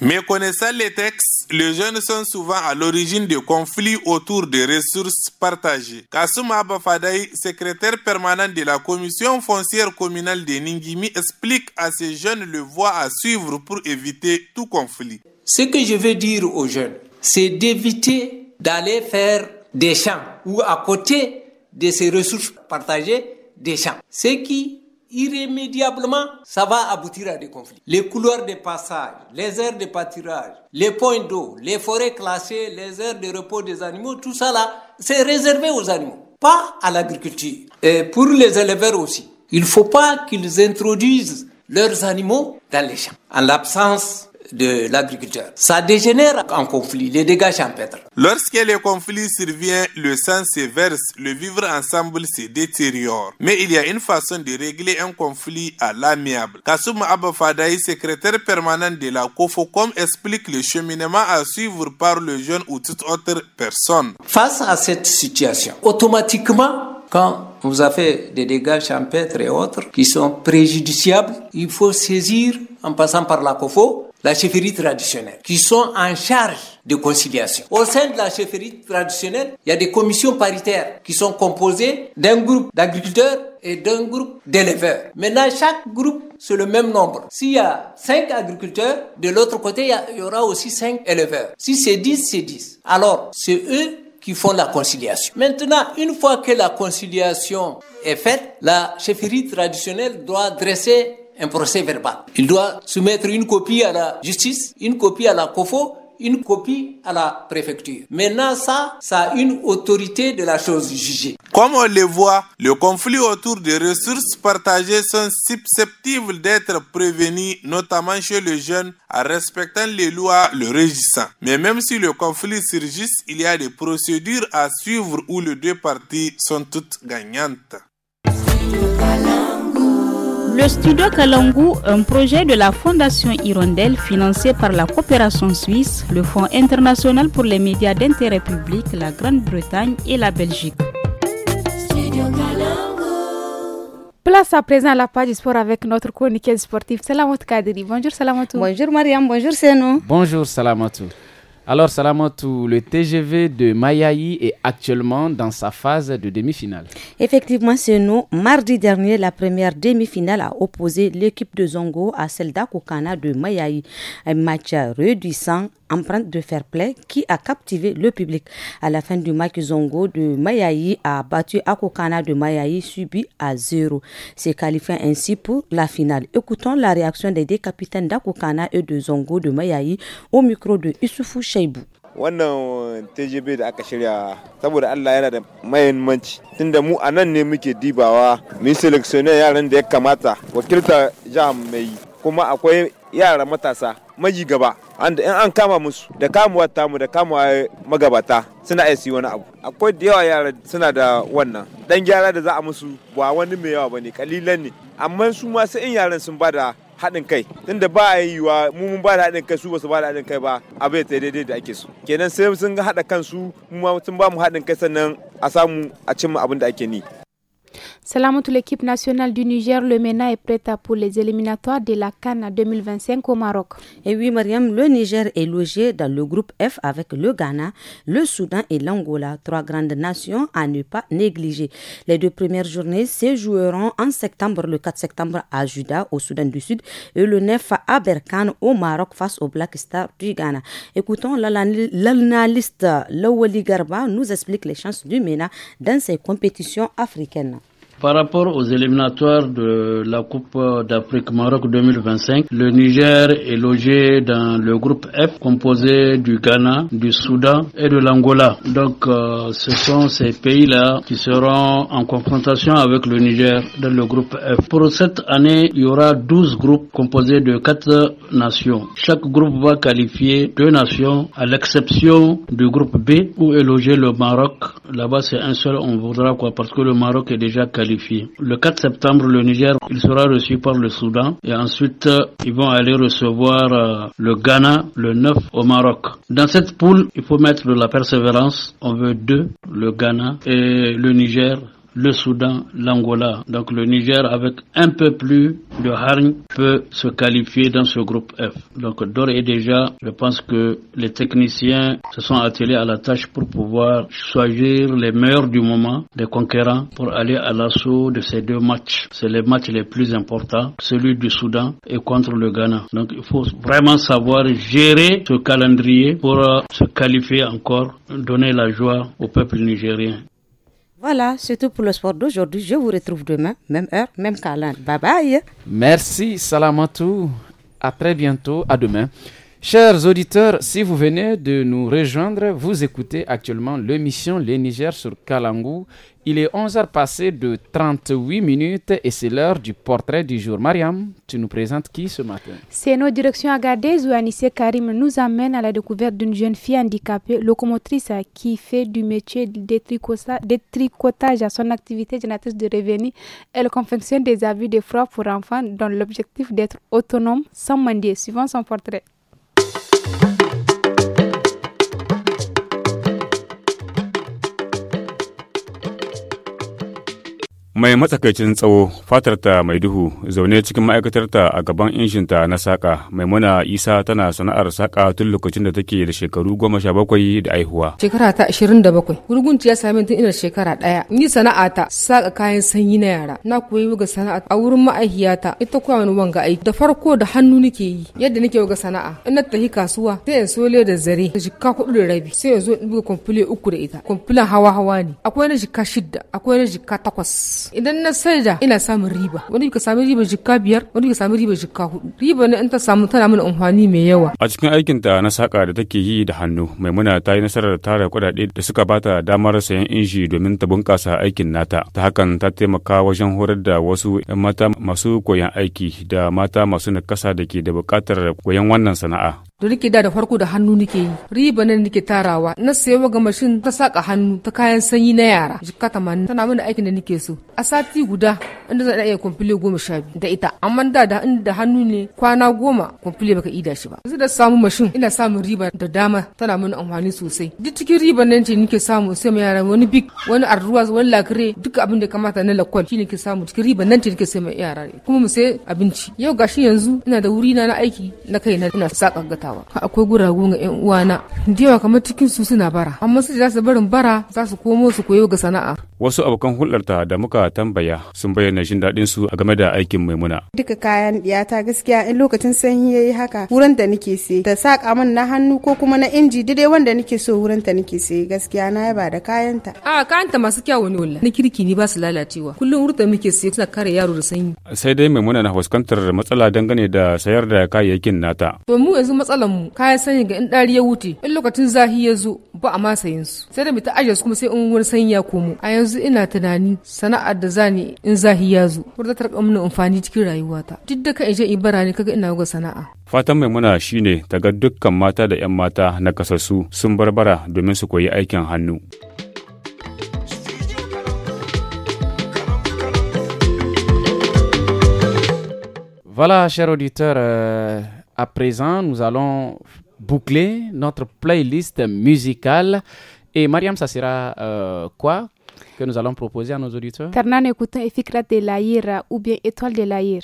Mais connaissant les textes, les jeunes sont souvent à l'origine de conflits autour des ressources partagées. Kassoum Abafadaï, secrétaire permanent de la commission foncière communale de Ningimi, explique à ces jeunes le voie à suivre pour éviter tout conflit. Ce que je veux dire aux jeunes, c'est d'éviter d'aller faire des champs ou à côté de ces ressources partagées des champs. Ce qui irrémédiablement, ça va aboutir à des conflits. Les couloirs de passage, les aires de pâturage, les points d'eau, les forêts classées, les aires de repos des animaux, tout ça là, c'est réservé aux animaux, pas à l'agriculture. Et pour les éleveurs aussi, il ne faut pas qu'ils introduisent leurs animaux dans les champs. En l'absence de l'agriculteur. Ça dégénère en conflit, les dégâts champêtres. Lorsque les conflits survient, le sang se verse, le vivre ensemble se détériore. Mais il y a une façon de régler un conflit à l'amiable. Kassoum Abafadaï, secrétaire permanent de la COFOCOM, explique le cheminement à suivre par le jeune ou toute autre personne. Face à cette situation, automatiquement, quand vous avez des dégâts champêtres et autres qui sont préjudiciables, il faut saisir, en passant par la COFO, la chefferie traditionnelle, qui sont en charge de conciliation. Au sein de la chefferie traditionnelle, il y a des commissions paritaires qui sont composées d'un groupe d'agriculteurs et d'un groupe d'éleveurs. Maintenant, chaque groupe, c'est le même nombre. S'il y a 5 agriculteurs, de l'autre côté, il y aura aussi 5 éleveurs. Si c'est 10, c'est 10. Alors, c'est eux qui font la conciliation. Maintenant, une fois que la conciliation est faite, la chefferie traditionnelle doit dresser procès verbal. Il doit soumettre une copie à la justice, une copie à la COFO, une copie à la préfecture. Maintenant, ça, ça a une autorité de la chose jugée. Comme on le voit, le conflit autour des ressources partagées sont susceptibles d'être prévenus, notamment chez les jeunes, en respectant les lois le régissant. Mais même si le conflit surgit, il y a des procédures à suivre où les deux parties sont toutes gagnantes. Le studio Kalangu, un projet de la Fondation Hirondelle financé par la coopération suisse, le Fonds international pour les médias d'intérêt public, la Grande-Bretagne et la Belgique. Place à présent à la page du sport avec notre chroniqueur sportif Salamot Kadiri. Bonjour Salamatou. Bonjour Mariam, bonjour nous. Bonjour Salamatou. Alors Salamatou, le TGV de Mayaï est actuellement dans sa phase de demi-finale. Effectivement, c'est nous. Mardi dernier, la première demi-finale a opposé l'équipe de Zongo à celle d'Akokana de Mayaï. Un match réduisant empreinte de fair play qui a captivé le public. À la fin du match, Zongo de Mayaï a battu Akokana de Mayaï subi à zéro, C'est qualifié ainsi pour la finale. Écoutons la réaction des deux capitaines d'Akokana et de Zongo de Mayaï au micro de Issoufou Shaibu. Wannan TGB da aka shirya saboda Allah yana da mahimmanci tunda mu a nan ne muke dibawa mu selectioner yaran da ya kamata wakilta jiha mai kuma akwai yara matasa maji gaba anda in an kama musu da kamuwa tamu da kamuwa magabata suna iya su wani abu akwai da yawa yara suna da wannan dan gyara da za a musu ba wani mai yawa bane kalilan ne amma su ma sai in yaran sun bada haɗin kai tunda ba a yiwuwa mu mun ba da haɗin kai su ba su ba da haɗin kai ba abin ta daidai da ake so kenan sai sun haɗa kansu mu ma sun ba mu haɗin kai sannan a samu a cimma abin da ake ni Salam toute l'équipe nationale du Niger, le MENA est prête pour les éliminatoires de la Cannes 2025 au Maroc. Et oui, Mariam, le Niger est logé dans le groupe F avec le Ghana, le Soudan et l'Angola, trois grandes nations à ne pas négliger. Les deux premières journées se joueront en septembre, le 4 septembre à Juda, au Soudan du Sud, et le 9 à Berkane, au Maroc, face au Black Star du Ghana. Écoutons, l'analyste Lawali Garba nous explique les chances du MENA dans ces compétitions africaines. Par rapport aux éliminatoires de la Coupe d'Afrique Maroc 2025, le Niger est logé dans le groupe F composé du Ghana, du Soudan et de l'Angola. Donc euh, ce sont ces pays-là qui seront en confrontation avec le Niger dans le groupe F. Pour cette année, il y aura 12 groupes composés de 4 nations. Chaque groupe va qualifier 2 nations à l'exception du groupe B où est logé le Maroc. Là-bas c'est un seul, on voudra quoi parce que le Maroc est déjà qualifié le 4 septembre, le Niger, il sera reçu par le Soudan et ensuite, euh, ils vont aller recevoir euh, le Ghana le 9 au Maroc. Dans cette poule, il faut mettre de la persévérance. On veut deux, le Ghana et le Niger le Soudan, l'Angola. Donc le Niger, avec un peu plus de hargne, peut se qualifier dans ce groupe F. Donc d'ores et déjà, je pense que les techniciens se sont attelés à la tâche pour pouvoir choisir les meilleurs du moment, des conquérants, pour aller à l'assaut de ces deux matchs. C'est les matchs les plus importants, celui du Soudan et contre le Ghana. Donc il faut vraiment savoir gérer ce calendrier pour euh, se qualifier encore, donner la joie au peuple nigérien. Voilà, c'est tout pour le sport d'aujourd'hui. Je vous retrouve demain, même heure, même calendrier. Bye bye. Merci, Salamatou. À très bientôt, à demain. Chers auditeurs, si vous venez de nous rejoindre, vous écoutez actuellement l'émission Les Niger sur Kalangou il est 11h passé de 38 minutes et c'est l'heure du portrait du jour. Mariam, tu nous présentes qui ce matin C'est nos directions à où Anissé Karim nous amène à la découverte d'une jeune fille handicapée, locomotrice, qui fait du métier de, tricotage à son activité génératrice de revenus. Elle confectionne des habits de froid pour enfants dans l'objectif d'être autonome sans mendier, suivant son portrait. mai matsakaicin tsawo fatarta mai duhu zaune cikin ma'aikatarta a gaban inshinta na saƙa maimuna isa tana sana'ar saƙa tun lokacin da take da shekaru goma sha bakwai da aihuwa shekara ta ashirin da bakwai gurgunci ya sami tun ina shekara ɗaya ni sana'a ta saƙa kayan sanyi na yara na koyi wuga sana'a a wurin ma'aikiyata ita koya wani wanga aiki da farko da hannu nake yi yadda nake wuga sana'a ina na tafi kasuwa sai in so da zare da jikka kuɗi da rabi sai in zo in buga kwamfule uku da ita kwamfulan hawa hawa ne akwai na jikka shidda akwai na jikka takwas idan na saida ina samun riba wani ka samu riba jikka biyar wani ka samu riba jikka hudu riba ne in ta samu tana mana amfani mai yawa a cikin aikin ta na saka da take yi da hannu maimuna ta yi nasarar tara kuɗaɗe da suka bata damar sayan inji domin ta bunƙasa aikin nata ta hakan ta taimaka wajen horar da wasu 'yan mata masu koyan aiki da mata masu nakasa da ke da bukatar koyon wannan sana'a da nake da da farko da hannu nake yi riba nan nake tarawa na sayo ga mashin ta saka hannu ta kayan sanyi na yara jikka tamanin tana mana aikin da nake so a sati guda inda zan iya kumfile goma sha biyu da ita amma da da inda hannu ne kwana goma kumfile baka ida shi ba yanzu da samu mashin ina samun riba da dama tana mana amfani sosai duk cikin riba nan ce nake samu sai mai yara wani big wani arruwa wani lakire duk abin da kamata na lakwal shi nake samu cikin riba nan ce nake sai mai yara kuma mu sai abinci yau gashi yanzu ina da wuri na na aiki na kai na ina saka gata akwai guragu ga yan uwana da yawa kamar cikin su suna bara amma su za su barin bara za su komo su koyo ga sana'a Wasu abokan hulɗarta da muka tambaya sun bayyana jin daɗin su a game da aikin maimuna. Duka kayan ɗiyata gaskiya in lokacin sanyi ya yi haka wurin da nake sai da saƙa min na hannu ko kuma na inji dai wanda nake so wurin ta nake sai gaskiya na yaba da kayanta. A kayanta masu kyau ne wallahi. Ni kirki ni ba su lalacewa. Kullum wurin da muke sai suna kare yaro da sanyi. Sai dai maimuna na fuskantar matsala dangane da sayar da kayayyakin nata. To mu yanzu matsalar mu kayan sanyi ga in ɗari ya wuce in lokacin zahi ya zo ba a ma sayin su. Sai da mu ta ajiye su kuma sai in wani sanyi ya komo. A yanzu yanzu ina tunani sana'ar da zani in zahi ya zo wadda ta rika mini amfani cikin rayuwata duk da kan in je in bara ne kaga ina ga sana'a fatan muna shine ta ga dukkan mata da 'yan mata na kasasu sun barbara domin su koyi aikin hannu Voilà, chers auditeurs, euh, à présent, nous allons boucler notre playlist musicale. Et Mariam, ça sera euh, quoi que nous allons proposer à nos auditeurs Ternan, écoutons Efikrat de l'Aïr ou bien Étoile de l'Aïr.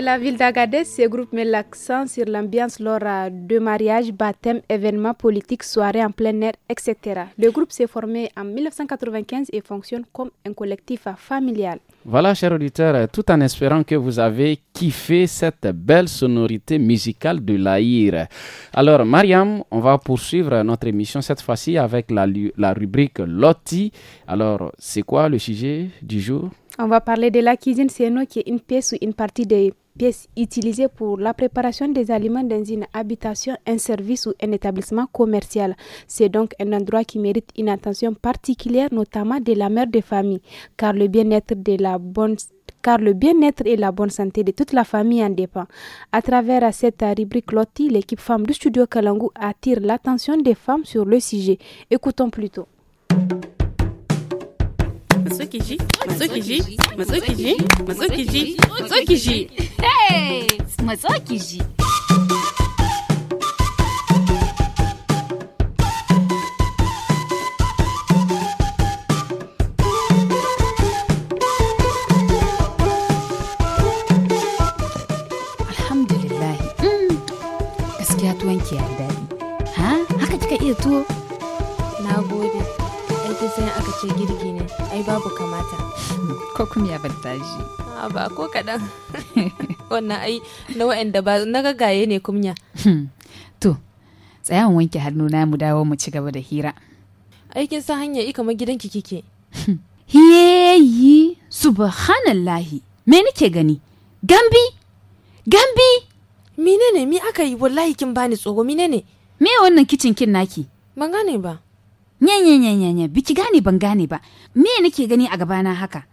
la ville d'Agadez, ce groupe met l'accent sur l'ambiance lors euh, de mariages, baptêmes, événements politiques, soirées en plein air, etc. Le groupe s'est formé en 1995 et fonctionne comme un collectif familial. Voilà, chers auditeurs, euh, tout en espérant que vous avez kiffé cette belle sonorité musicale de l'Aïr. Alors, Mariam, on va poursuivre notre émission cette fois-ci avec la, la rubrique Lotti. Alors, c'est quoi le sujet du jour? On va parler de la cuisine, c'est qui une pièce ou une partie des pièce utilisées pour la préparation des aliments dans une habitation, un service ou un établissement commercial. C'est donc un endroit qui mérite une attention particulière, notamment de la mère de famille, car le bien-être de la bonne car le bien-être et la bonne santé de toute la famille en dépend. À travers cette rubrique Loti, l'équipe femme du studio Kalangu attire l'attention des femmes sur le sujet. Écoutons plutôt. Matsuki-ji, Matsuki-ji, Matsuki-ji, Hey! matsuki kaɗan wannan ai na wa'anda ba na gagaye ne kumya hmm. to tsayawan wanke hannu na mu dawo mu ci gaba da hira aikin sa hanya ika ma gidanki kike hmm. yi subhanallahi me nake gani gambi gambi ne mi aka yi wallahi kin bani tsoro ne. me wannan kicin kin naki ban gane ba nye biki gane ban gane ba me nake gani a gabana haka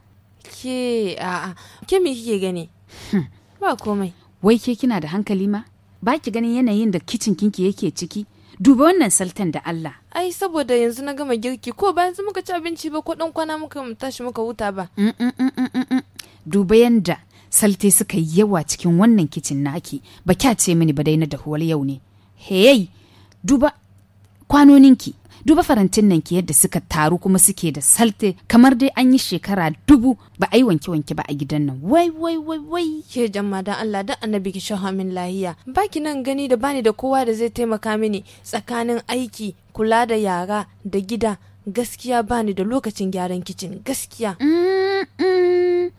ke a'a ke me kike gani hmm. ba komai wai ke kina da hankali ma ba ki ganin yanayin da kicin kinki yake ciki duba wannan saltan da Allah ai saboda yanzu na gama girki ko ba yanzu muka ci abinci ba ko dan kwana muka tashi muka huta ba mm, mm, mm, duba yanda salte suka yi yawa cikin wannan kicin naki ba kya ce mini ba dai na dahuwar yau ne hey duba kwanoninki duba farantin nan ki yadda suka taru kuma suke da salte kamar dai an yi shekara dubu ba a yi wanke wanke ba a gidan nan wai wai wai wai ke jama da Allah dan annabi ki shaha min lahiya baki nan gani da bani da kowa da zai taimaka mini tsakanin aiki kula da yara da gida gaskiya bani da lokacin gyaran kicin gaskiya mm, mm.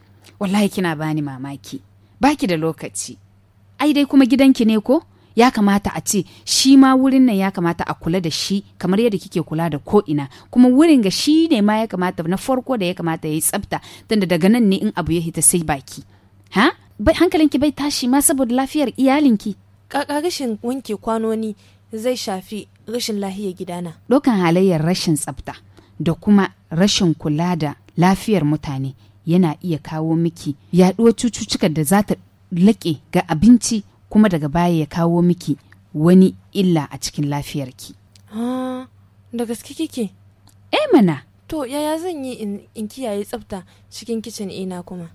wallahi kina bani mamaki baki da lokaci ai dai kuma gidanki ne ko ya kamata a ce shi ma wurin nan ya kamata a kula da shi kamar yadda kike kula da ko ina kuma wurin ga shi ne ma ya kamata na farko da ya kamata yayi tsabta tunda daga nan ne in abu ya hita sai baki ha bai hankalinki bai tashi ma saboda lafiyar iyalinki kaka rashin wanke kwanoni zai shafi rashin lafiyar gidana dokan halayyar rashin tsafta da kuma rashin kula da lafiyar mutane yana iya kawo miki yaɗuwar cututtukan da za ta laƙe ga abinci kuma daga baya ya kawo miki wani illa a cikin lafiyarki. Ah, da gaske kike? Eh mana. To yaya zan yi in kiyaye tsafta cikin kicin ina kuma?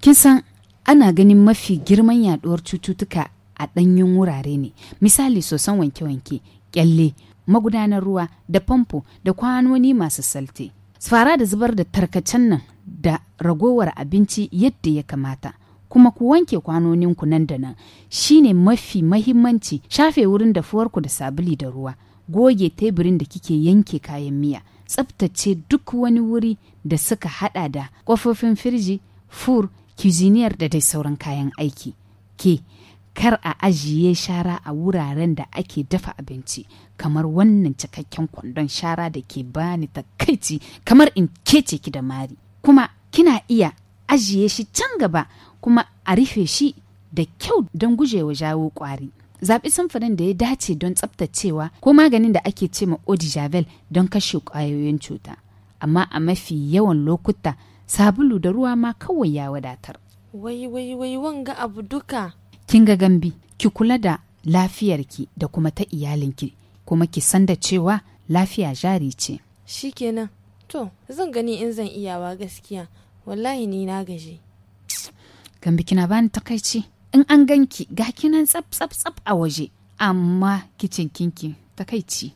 Kin san ana ganin mafi girman yaduwar cututtuka a ɗanyen wurare ne. Misali sosan wanke-wanke, kyalle, magudanar ruwa da famfo da kwanoni masu salte. Fara da zubar da tarkacen nan da ragowar abinci yadda ya kamata. kuma ku wanke kwanoninku nan da nan shine mafi mahimmanci shafe wurin dafuwarku da sabuli da ruwa goge teburin da kike yanke kayan miya tsaftace duk wani wuri da suka hada da kofofin firji fur kiziniyar da dai sauran kayan aiki ke kar a ajiye shara a wuraren da ake dafa abinci kamar wannan cikakken kwandon shara da ke bani takaici kamar in kece ki da mari kuma kina iya ajiye shi can gaba kuma a rufe shi da kyau don gujewa jawo ƙwari. zaɓi samfurin da ya dace don tsaftacewa ko maganin da ake ce ma javel don kashe ƙwayoyin cuta amma a mafi yawan lokuta sabulu da ruwa ma kawai ya wadatar wai wai wai wanga abu duka kin ga gambi ki kula da lafiyarki da kuma ta iyalinki kuma ki san da cewa lafiya jari ce shikenan to zan gani in zan iyawa gaskiya wallahi ni na gaji Gambi kina bani takaici. In an ganki ga kinan tsab tsab tsab a waje amma kicin kinki takaici.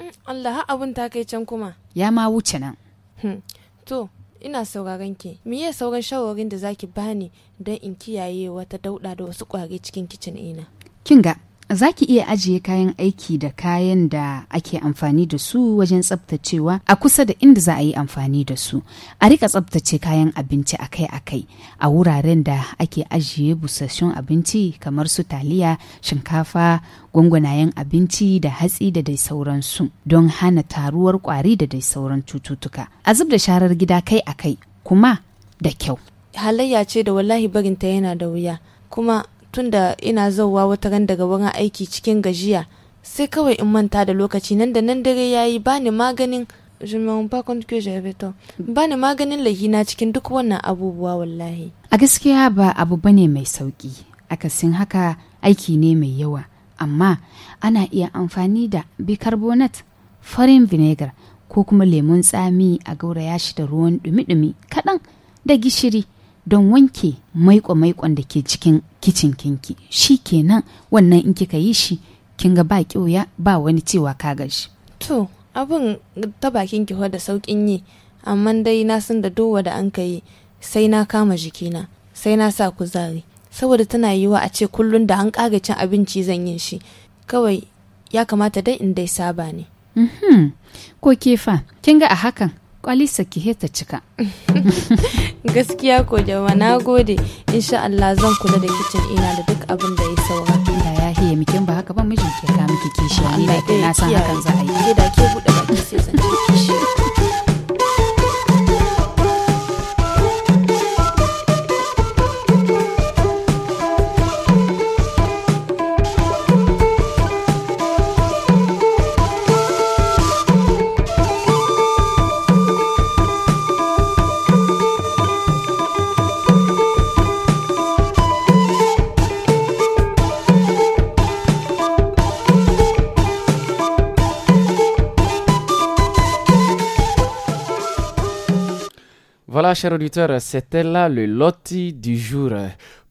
Mm, Allah abun takaicen kuma. Ya ma wuce nan. Hmm, to, ina sauraron ki. Me ya sauran shawarin da zaki bani don in kiyaye wata dauɗa da wasu ƙwari cikin kicin ina? Kinga, Za ki iya ajiye kayan aiki da kayan da ake amfani da su wajen tsabtacewa a kusa da inda za a yi amfani da su. A rika tsabtace kayan abinci akai-akai a wuraren da ake ajiye busassun abinci kamar su taliya, shinkafa, gwangwanayen abinci da hatsi da dai sauransu don hana taruwar kwari da dai sauran cututtuka. A zub da sharar gida kai-akai kuma da kyau. Halayya ce da wallahi barinta yana da wuya. kuma tunda ina zauwa wata ran daga wurin aiki cikin gajiya sai kawai in manta da lokaci nan da nan dare ya yi ba ni maganin maganin lahina cikin duk wannan abubuwa wallahi a gaskiya ba abu ba ne mai sauki akasin haka aiki ne mai yawa amma ana iya amfani da bicarbonate farin vinegar ko kuma lemun tsami a gauraya shi da ruwan dumi-dumi kaɗan da gishiri don wanke maiko-maikon da ke cikin kicin kinki shi kenan wannan in kika yi shi kin ga ba ƙyoya ba wani cewa ka gashi. to abin ta bakin ki da sauƙin yi amma dai na san da dowa da an ka yi sai na kama jikina sai na sa kuzari saboda tana yiwa a ce kullum da an kaga cin abinci zan yin shi kawai ya kamata dai in dai saba ne. Mhm. ko kefa kin ga a hakan kwalisa ki heta cika gaskiya ko jama na gode insha Allah zan kula da kicin ina da duk abin da ya saura Allah ya hiye miki ba haka ba mijin ke ka miki kishi ni da na san hakan za a yi da ke bude baki sai zan kishi chers auditeurs, c'était là le loti du jour.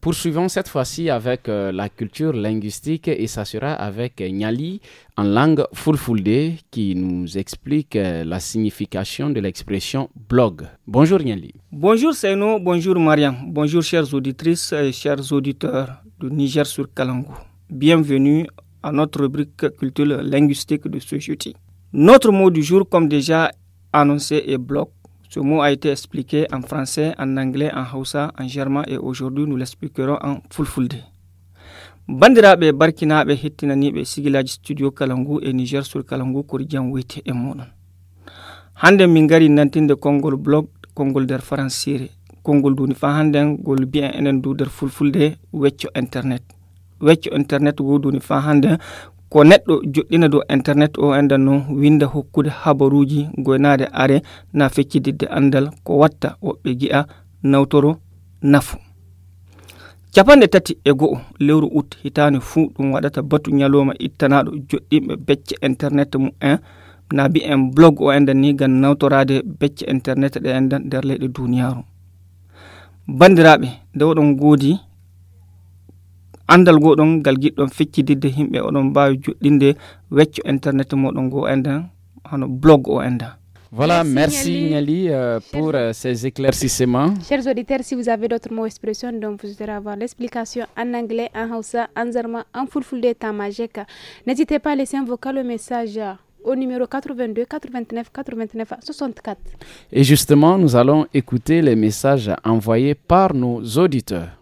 Poursuivons cette fois-ci avec euh, la culture linguistique et ça sera avec Nyali en langue fulfulde qui nous explique euh, la signification de l'expression blog. Bonjour Nyali. Bonjour Seino, bonjour Marian, bonjour chères auditrices et chers auditeurs du Niger sur Kalangou. Bienvenue à notre rubrique culture linguistique de ce jeudi. Notre mot du jour, comme déjà annoncé, est blog ce mot a été expliqué en français, en anglais, en hausa, en germain et aujourd'hui nous l'expliquerons en fulfulde. bandiraɓe barkinaɓe hettinaniɓe sigilaji studio kalangu et niger sur kalangu kordiam wiyte et Monon. hande min gari de konngol blog konngol nder françire konngol duni fa hannden gol bien enen du nder fulfulde wecco internet wecco internet wo duni fa ko neɗɗo joɗɗina dow internet o enda noon winda hokkude habaruji goynade are na feccididde andal ko watta woɓɓe gi'a nawtoro nafu capanɗe tati e go'o lewru ut hitani fuu ɗum waɗata batu ñalowma ittanaɗo joɗɗinɓe becce internet mu'un na bi en blog o enda ni gam nawtorade becce internet ɗe enda nder leyɗe duniyaru bandiraɓe nde oɗon goodi internet Voilà, merci Niali euh, pour euh, ces éclaircissements. Chers auditeurs, si vous avez d'autres mots expressions dont vous voudrez avoir l'explication en anglais, en hausa, en zarma, en fulfulde, tamajeka. n'hésitez pas à laisser un vocal au message au numéro 82 89 89 64. Et justement, nous allons écouter les messages envoyés par nos auditeurs.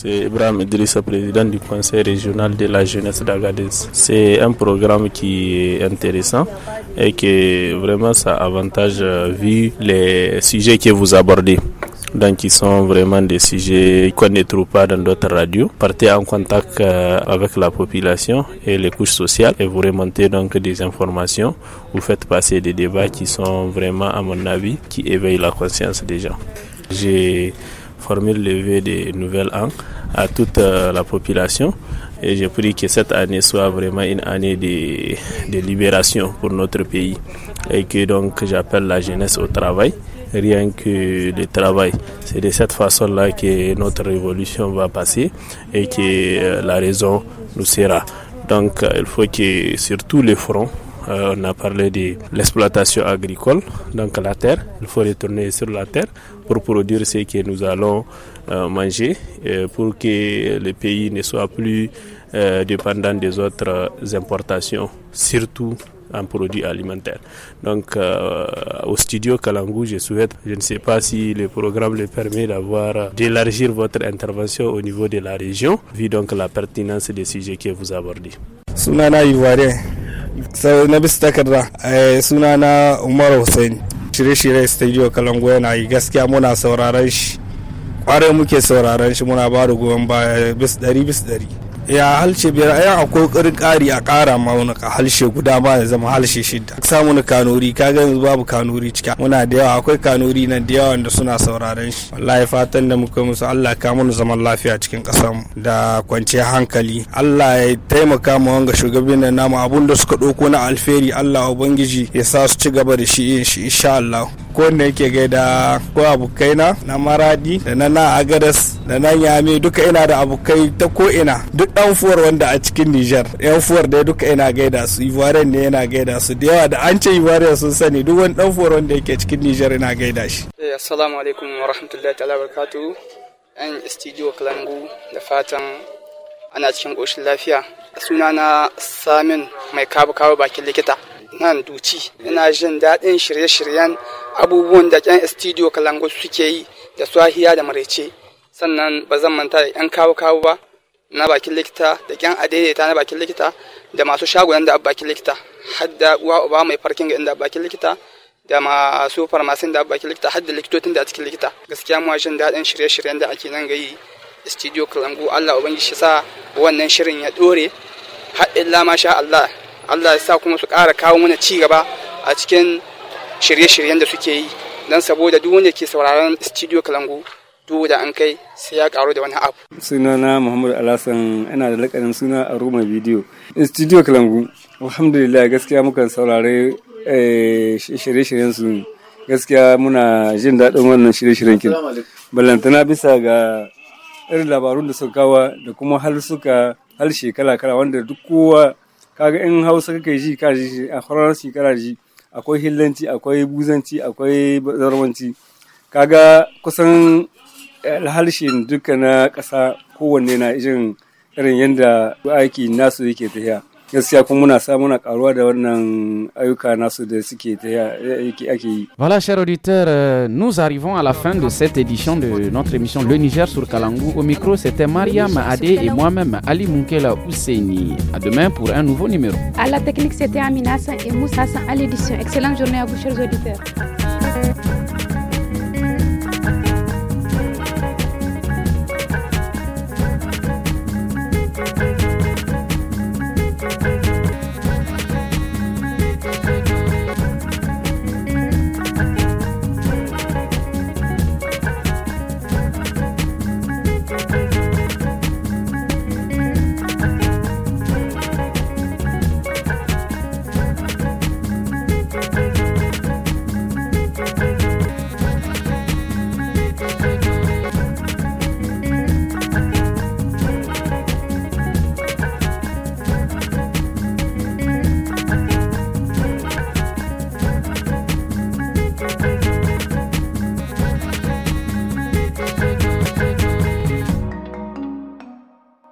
C'est Ibrahim Idrissa, président du Conseil régional de la jeunesse d'Agadez. C'est un programme qui est intéressant et que vraiment ça avantage euh, vu les sujets que vous abordez. Donc, qui sont vraiment des sujets qu'on ne trouve pas dans d'autres radios. Partez en contact euh, avec la population et les couches sociales et vous remontez donc des informations. Vous faites passer des débats qui sont vraiment, à mon avis, qui éveillent la conscience des gens. J'ai former le vœu des nouvel an à toute euh, la population. Et je pris que cette année soit vraiment une année de, de libération pour notre pays. Et que donc j'appelle la jeunesse au travail, rien que le travail. C'est de cette façon-là que notre révolution va passer et que euh, la raison nous sera. Donc euh, il faut que sur tous les fronts, euh, on a parlé de l'exploitation agricole, donc la terre. Il faut retourner sur la terre pour produire ce que nous allons euh, manger, pour que le pays ne soit plus euh, dépendant des autres importations, surtout en produits alimentaires. Donc au studio Kalangou, je souhaite, je ne sais pas si le programme le permet d'avoir d'élargir votre intervention au niveau de la région, vu donc la pertinence des sujets que vous abordez. na bisa takarda eh, suna na umar hussein shirye shiryen studio kalango yana yi gaskiya muna sauraron shi kwarai muke sauraron shi muna ba da goyon baya eh, bis dari bis dari. ya halshe biyar ai akwai kokarin ƙari a kara ma wani halshe guda ma ya zama halshe shida samu na kanuri ka ga yanzu babu kanuri cika muna da yawa akwai kanuri nan da yawa da suna sauraren shi wallahi fatan da muka musu Allah ka mu zaman lafiya cikin kasar mu da kwanciyar hankali Allah ya taimaka mu wanga shugaban nan namu abun da suka doko na alferi Allah ubangiji ya sa su ci gaba da shi insha Allah akwai wanda yake gaida ko abokaina na maradi da na na agadas da na yami duka ina da abokai ta ko ina duk dan fuwar wanda a cikin niger yan fuwar dai duka ina gaida su ivoirian ne yana gaida su da yawa da an ce ivoirian sun sani duk wani dan fuwar wanda yake cikin Nijar ina gaida shi eh, assalamu alaikum wa rahmatullahi ta'ala barakatuhu yan studio kalangu da fatan ana cikin koshin lafiya sunana samin mai kabu kawo bakin likita nan duci ina jin daɗin shirye-shiryen abubuwan da ƙyan studio kalango suke yi da swahiya da marece sannan ba zan manta da ƴan kawo kawo ba na bakin likita da ƙyan adaidaita na bakin likita da masu shagunan da bakin likita har da uwa uba mai farkin ga inda bakin likita da masu farmasin da bakin likita har da likitocin da cikin likita gaskiya mu jin daɗin shirye-shiryen da ake nan yi studio kalangu Allah ubangiji sa wannan shirin ya dore har illa masha Allah Allah ya sa kuma su ƙara kawo mana ci gaba a cikin shirye-shiryen da suke yi don saboda duk wanda ke sauraron studio kalangu duk da an kai sai ya karu da wani abu sunana muhammadu Alhassan ina da lakarin suna a roma bidiyo studio kalangu alhamdulillah gaskiya muka saurare eh, shirye-shiryen su gaskiya muna jin daɗin wannan shirye-shiryen kin ballantana bisa ga irin labarun da suka kawa da kuma hal suka hal shekara kala wanda duk kowa kaga in hausa kake ji ka ji a faransanci kana ji akwai hillanci akwai buzanci akwai zarwanci kaga kusan eh, harshen duka na ƙasa kowanne na jin irin yadda aiki nasu yake tafiya Voilà, chers auditeurs, euh, nous arrivons à la fin de cette édition de notre émission Le Niger sur Kalangou. Au micro, c'était Mariam Adé et moi-même, Ali Munkela Ousseini. À demain pour un nouveau numéro. À la technique, c'était Aminasa et Moussa à l'édition. Excellente journée à vous, chers auditeurs.